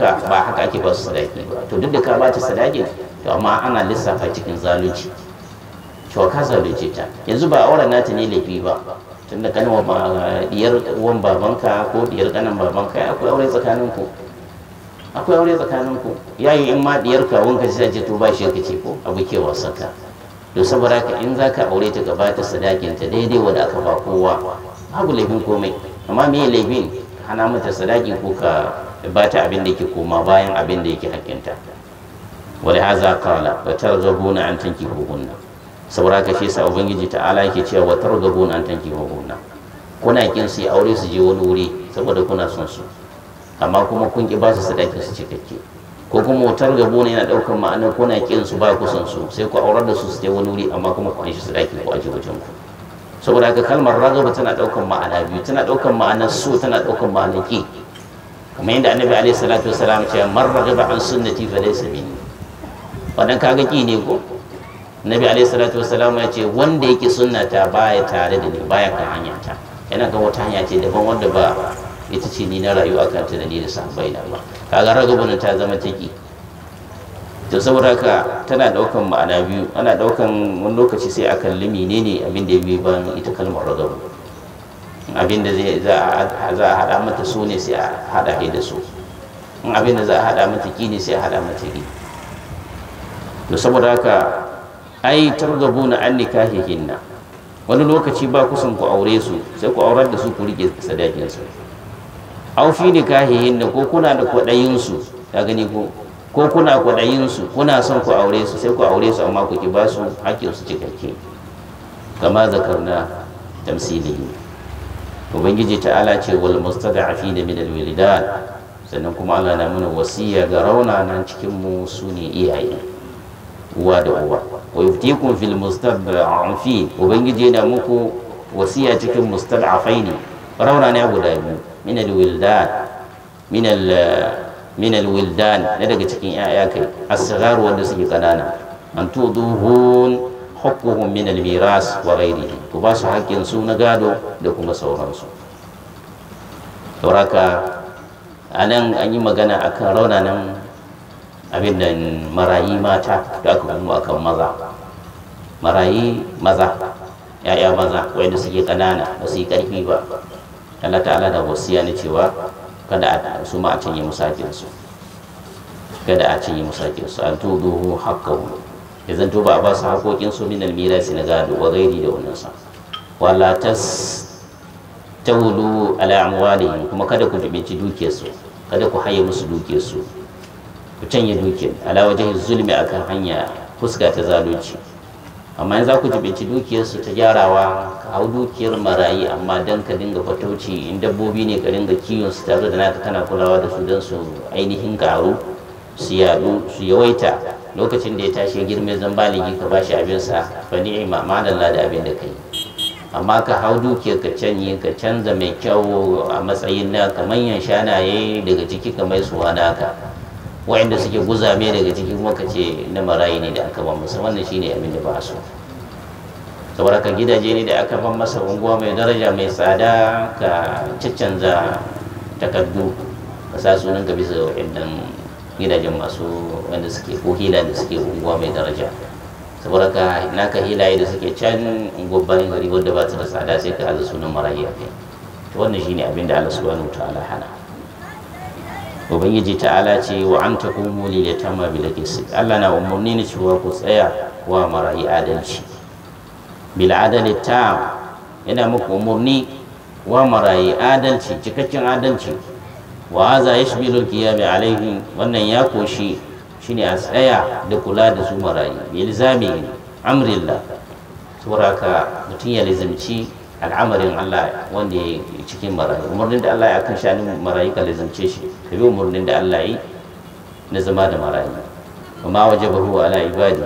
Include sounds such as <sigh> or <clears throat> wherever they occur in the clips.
duka ba haka ake ba su sadaki ba to duk da ka ba ta sadaki to amma ana lissafa cikin zalunci To ka zalunce ta yanzu ba auren nata ne laifi ba tunda wa diyar uwan babanka ko diyar kanan babanka akwai aure tsakanin ku akwai aure tsakanin ku yayin in ma diyar ka wanka sai ce to ba shi ka ce ko abu ke wasan ka to saboda ka in zaka aure ta gaba ta sadakin ta daidai wanda aka ba kowa babu laifin komai amma me laifin hana mata sadaki ko ka ba ta abin da yake koma bayan abin da yake hakinta wani haza kala wa targabuna an tanki hukunna saboda ka shi sa ubangiji ta'ala yake cewa wa targabuna an tanki hukunna kuna kin su aure su je wani wuri saboda kuna son su amma kuma kun ki ba su sadaki su cikakke ko kuma wa targabuna yana daukar ma'ana kuna kin su ba ku son su sai ku aurar da su su je wani wuri amma kuma ku an shi sadaki ku aje wajen ku saboda haka kalmar ragaba tana daukar ma'ana biyu tana daukar ma'ana so tana daukar ma'ana ki kuma yadda annabi alaihi salatu wasalam ce man raghiba an sunnati fa laysa minni wannan kaga ki ne ko annabi alaihi salatu wasalam ya ce wanda yake sunnata baya tare da ni baya kan hanya ta yana ga wata hanya ce daban wanda ba ita ce ni na rayuwa kan ta da ni da sahabbai na ba kaga ragabun ta zama take to saboda haka tana daukan ma'ana biyu ana daukan wani lokaci sai a kalli menene abin da ya bi bayan ita kalmar ragabu abin da za a haɗa mata so ne sai a haɗa ke da su in abin da za a haɗa mata ki ne sai a haɗa mata ki to saboda haka ai na an hinna, wani lokaci ba kusan ku aure su sai ku aurar da su ku rike sadakin su au fi hinna, ko kuna da kwadayin su ka gani ko ko kuna kwadayin su kuna son ku aure su sai ku aure su amma ku ki ba su hakkin su cikakke kama zakarna tamsilihi ubangiji ta'ala ce wal mustada'afina min al-wildan sannan kuma Allah na muna wasiya ga raunanan cikin mu sune iyaye uwa da uwa wa yuftikum fil mustada'afin ubangiji yana muku wasiya cikin mustada'afaini raunana guda biyu min al-wildan min al min al-wildan daga cikin 'ya'ya kai as-sighar wanda suke kanana an tuduhun Hukumun minal miras wa ghairihi ku ba su hakkin su na gado da kuma sauransu sauraka a an yi magana akan raunanan abin da marayi mata da aka kuma akan maza marayi maza ya'ya maza wanda suke kanana ba su yi ƙarfi ba Allah ta'ala da wasiya ne cewa kada su ma a cinye su kada a cinye su an tuduhu haƙƙahu ya zanto ba a ba su haƙoƙin su minal mirasi na gado wa gairi da wannan sa wala tas tawulu ala amwali kuma kada ku dukiyar dukiyarsu kada ku haye musu dukiyar su ku canye dukiyar ala wajen zulmi akan hanya fuska ta zalunci amma yanzu za ku dukiyar su ta gyarawa ka hau dukiyar marayi amma dan ka dinga fatauci in dabbobi ne ka dinga kiwon su tare da naka kana kulawa da su dan su ainihin karu su yadu su yawaita lokacin da ya tashi girme zan baligi ka bashi abin sa fa ni'ima ma da da abin da kai amma ka hau dukiyar ka canye ka canza mai kyau a matsayin na kamar yan shanaye daga ciki kamar suwa naka wa'inda suke guzame daga ciki kuma ka ce na marayi ne da aka ba masa wannan shine abin da ba su saboda ka gidaje ne da aka ban masa unguwa mai daraja mai tsada ka caccanza takardu ka sa sunan ka bisa wa'innan gidajen masu wanda suke ko hila da suke unguwa mai daraja saboda ka naka hilaye da suke can unguwar bayan gari wadda ba ta da tsada sai ka aza sunan marayi a kai to wannan shine abin da Allah subhanahu wa ta'ala hana ubangiji ta'ala ce wa an taqumu lil yatama ke qist Allah na umurni ne cewa ku tsaya wa marayi adalci bil adali ta yana muku umurni wa marayi adalci cikakken adalci wa haza ya bi alaihim wannan ya koshi shine a tsaya da kula da su marayi bi ilzami amrillah saboda mutum ya lizimci al'amarin Allah wanda ya yi cikin marayu umarnin da Allah ya kan shanin marayu ka lizimce shi ka bi umarnin da Allah yi na zama da marayu amma wajabahu ala ibadi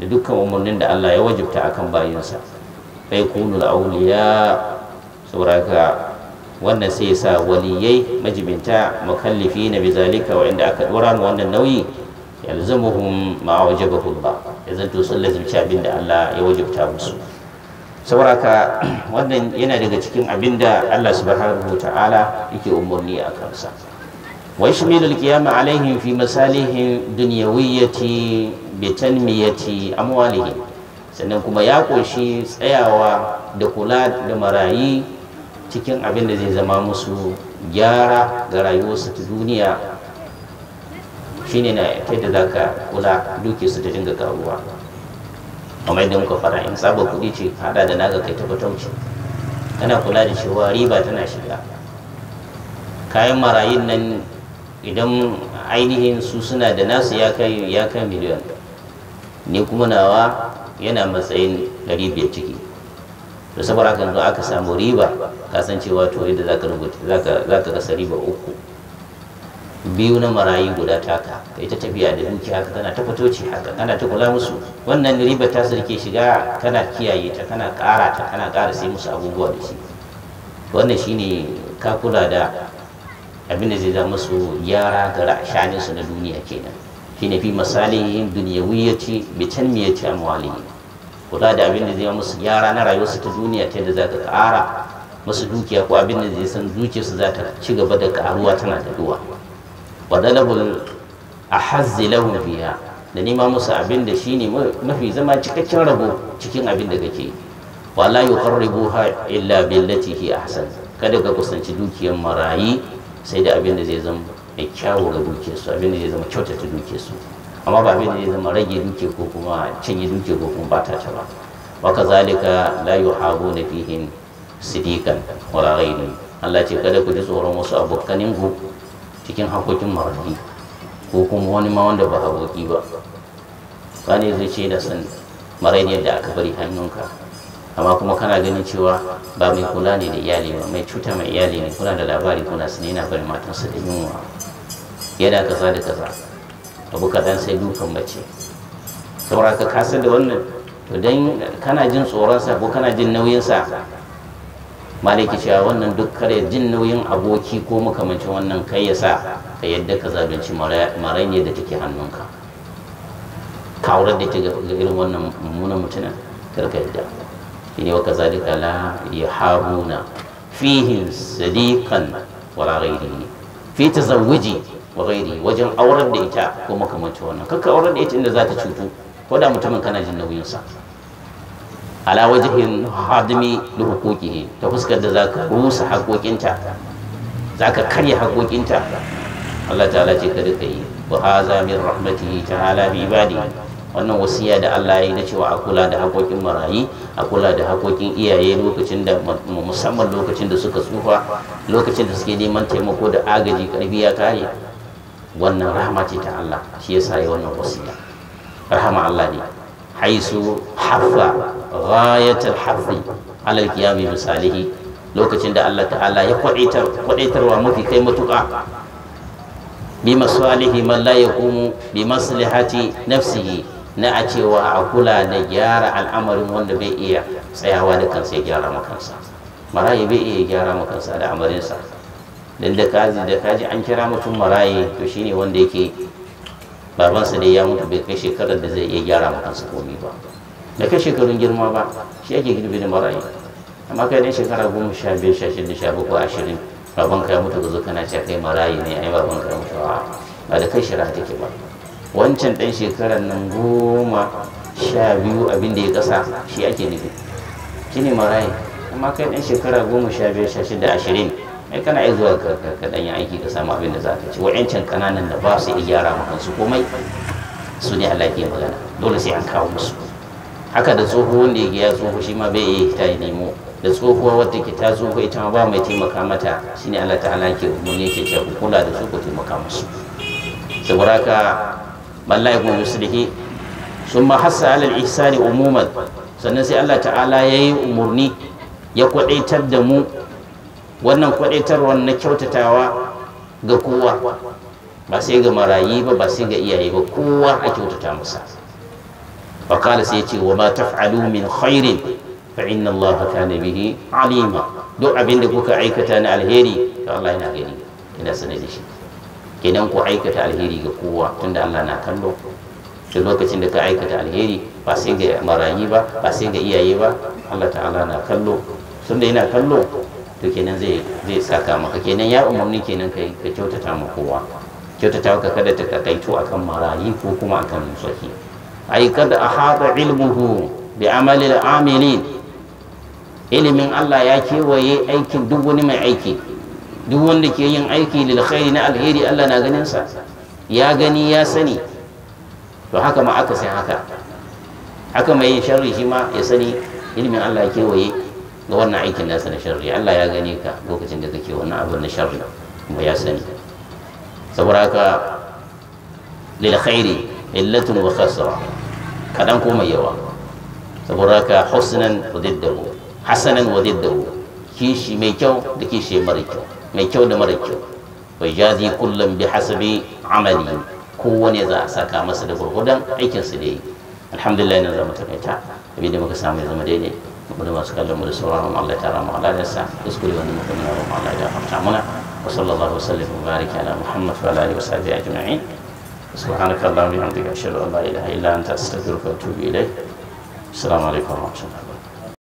da dukkan umarnin da Allah ya wajibta akan bayinsa bai kunu da auliya saboda wannan sai sa waliyai majibinta mukallifi na bizalika wa'inda aka dora mu wannan nauyi yalzamuhum ma wajabahu Allah ya zanto sun lazimci abin da Allah ya wajabta musu saboda <clears throat> wannan yana daga cikin abin da Allah subhanahu ta'ala yake umarni a kansa wa yashmilul qiyama alaihim fi masalihim dunyawiyyati bi tanmiyati amwalihim sannan kuma ya ƙunshi tsayawa da kula da marayi cikin abin da zai zama musu gyara ga rayuwarsu ta duniya shine na da za ka kula duke su ta dinga karuwa amma idan muka fara in tsaba kuɗi ce hada da naga kai ta kana kula da cewa riba tana shiga kayan marayun nan idan ainihin su suna da nasu ya kai miliyan ne kuma nawa yana matsayin 500 ciki to saboda haka yanzu aka samu riba ka san cewa to yadda zaka rubuta zaka zaka rasa riba uku biyu na marayi guda taka kai ta tafiya da dukiya haka kana ta fitoci haka kana ta kula musu wannan riba ta sarke shiga kana kiyaye ta kana ƙara ta kana ƙara sai musu abubuwa da shi wannan shine ka kula da abin da zai zama su gyara ga ra'ashaninsu na duniya kenan shine fi masalihin ce bi tanmiyati amwalihim kula da abin da zai musu gyara na rayuwarsu ta duniya ta yadda za ta ƙara musu dukiya ko abin da zai san dukiyarsu za ta ci gaba da ƙaruwa tana da duwa wa dalabul ahazzi lahum biya, da nima musu abin da shine mafi zama cikakken rabo cikin abin da kake wala yuqarribuha illa billati hi ahsan kada ka kusanci dukiyar marayi sai da abin da zai zama mai kyawu ga dukiyarsu abin da zai zama kyautata dukiyarsu amma ba abin da ya zama rage duke ko kuma cinye duke ko kuma bata ta ba ka zalika la yuhabu na fihin sidikan wala ne Allah ce kada ku ji tsoron wasu abokanin ku cikin hakokin marfi ko kuma wani ma wanda ba aboki ba wani zai ce da san ne da aka bari hannunka amma kuma kana ganin cewa ba mai kula ne da iyali ba mai cuta mai iyali ne kuna da labari kuna sani yana bari matansa da yunwa yana kaza da kaza abu kaɗan sai dukan mace saboda ka kasa da wannan to dan kana jin tsoronsa ko kana jin nauyinsa malaki cewa wannan duk kare jin nauyin aboki ko makamancin wannan kai ya sa ka yadda ka zalunci maranye da take hannunka kawar da take ga irin wannan mummunan mutumin karka yadda shi ne wa kazalika la haruna fihin sadiqan wala ghairihi fi tazawuji wa wajen aurar da ita ko makamancin wannan kakka aurar da ita inda za ta cutu ko da mutumin kana jin nauyin sa ala wajhin hadimi da hukuki ta fuskar da zaka rusa haƙoƙinta zaka karya haƙoƙinta Allah ta'ala ce ka rika yi wa haza min rahmatihi ta'ala bi ibadi wannan wasiya da Allah ya yi na cewa a kula da haƙoƙin marayi a kula da haƙoƙin iyaye lokacin da musamman lokacin da suka tsufa lokacin da suke neman taimako da agaji karbi ya kare wannan rahama ce ta Allah shi yasa ya wannan wasiya rahama Allah ne haisu haffa ghayatul haffi alal kiyami misalihi lokacin da Allah ta'ala ya kwadaitar kwadaitarwa mafi kai matuƙa bi masalihi man la yaqumu bi maslihati nafsihi na a cewa a kula da gyara al'amarin wanda bai iya tsayawa da kansa ya gyara makansa marayi bai iya gyara makansa da amarinsa dan da kazi da kaji an kira mutum maraye to shine wanda yake babansa ne ya mutu bai kai shekarar da zai iya gyara ma kansa komai ba da kai shekarun girma ba shi yake girbi da maraye amma kai dan shekara goma sha biyar sha shida sha bakwai ashirin baban ka ya mutu gazo kana cewa kai maraye ne ai baban ka ya mutu ba ba da kai shira take ba wancan dan shekarar nan goma sha biyu abin da ya kasa shi ake nufi shine maraye amma kai dan shekara goma sha biyar sha shida ashirin ai kana iya zuwa ka dan yi aiki ka samu abin da za ka ci wa'ancan kananan da ba su iya gyara ma kansu komai su ne Allah ke magana dole sai an kawo musu haka da tsoho wanda ya tsoho shi ma bai iya ta ya nemo da tsohuwa wata ke ta tsoho ita ma ba mai taimaka mata ne Allah ta'ala ke umarni ke cewa ku kula da su ku taimaka musu saboda haka wallahi da muslihi sun ma hassa alal ihsani umuman sannan sai Allah ta'ala ya yi umarni ya kwadaitar da mu wannan kwadaitarwa na kyautatawa ga kowa ba sai ga marayi ba ba sai ga iyaye ba kowa a kyautata masa fakala sai ce wa ma taf'alu min khairin fa inna allaha kana bihi alima duk abin da kuka aikata na alheri to Allah yana gani yana sanar da shi kenan ku aikata alheri ga kowa tunda Allah na kallo duk lokacin da ka aikata alheri ba sai ga marayi ba ba sai ga iyaye ba Allah ta'ala na kallo tunda yana kallo to kenan zai zai saka maka kenan ya umarni kenan kai ka kyautata ma kowa kyautata ka kada ta takaito akan marayi ko kuma akan musaki ai kada ahada ilmuhu bi amali amilin ilimin Allah ya kewaye aikin duk wani mai aiki duk wanda ke yin aiki lil khairi na alheri Allah na ganin sa ya gani ya sani to haka ma aka san haka haka mai sharri shi ma ya sani ilimin Allah ya kewaye ga wannan aikin nasa na sharri Allah ya gane ka lokacin da kake wannan abu na sharri kuma ya sani saboda haka lil khairi illatun wa khasra kadan ko mai yawa saboda haka husnan wa diddahu hasanan wa diddahu kishi mai kyau da kishi mara kyau mai kyau da mara kyau wai jazi kullum bi hasabi amali kowane za a saka masa da gurgudan aikinsu da yi alhamdulillah na zama takaita abinda muka samu ya zama daidai وقد واسكالهم رسولهم الله تعالى معلا لسا اسكري ونمكم منهم على إله تعمنا وصلى الله وسلم وبارك على محمد وعلى آله وصحبه أجمعين سبحانك اللهم وبحمدك أشهد أن لا إله إلا أنت أستغفرك وأتوب إليك السلام عليكم ورحمة الله